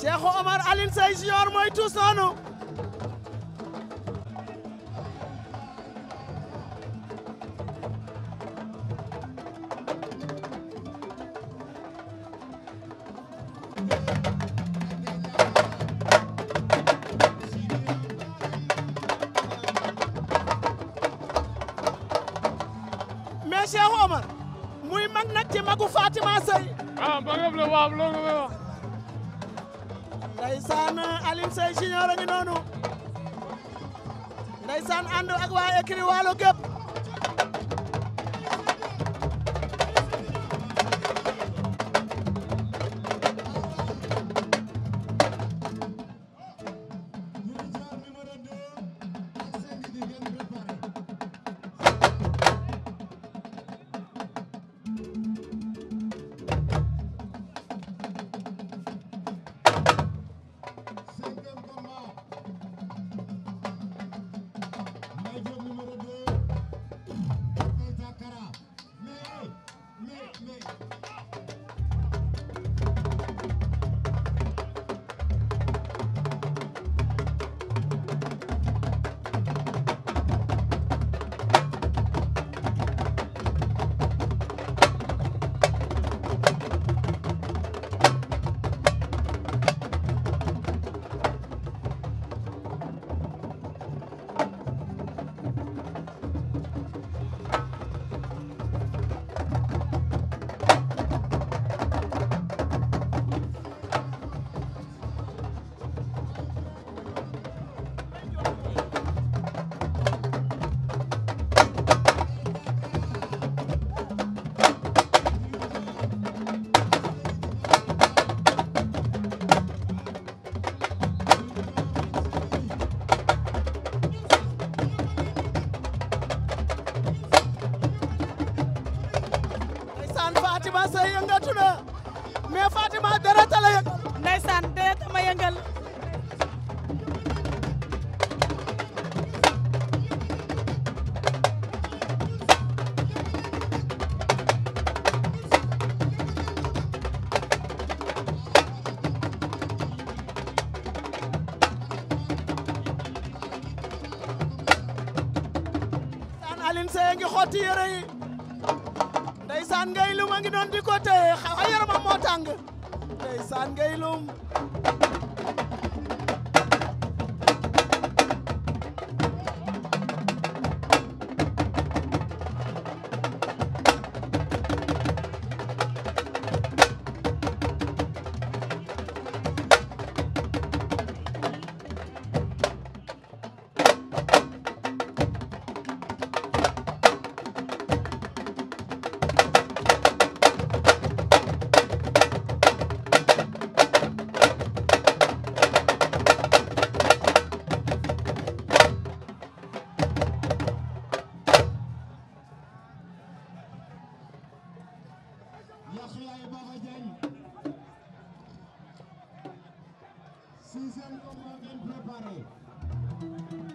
Cheikh Omar Alioune Seye Junior mooy tuus noonu mais Cheikh Omar muy mag nag ci magu Fatima Seye. ah ba nga wax loolu nga wax. ndeysaan Alioune Seye Junior a ngi noonu ndeysaan ànd ak waa écurie Waalo gépp see ngi xotti yére yi ndeysaan ngay lum a ngi doon di ko téye xaw a yaramam moo sixième combat ngeen préparé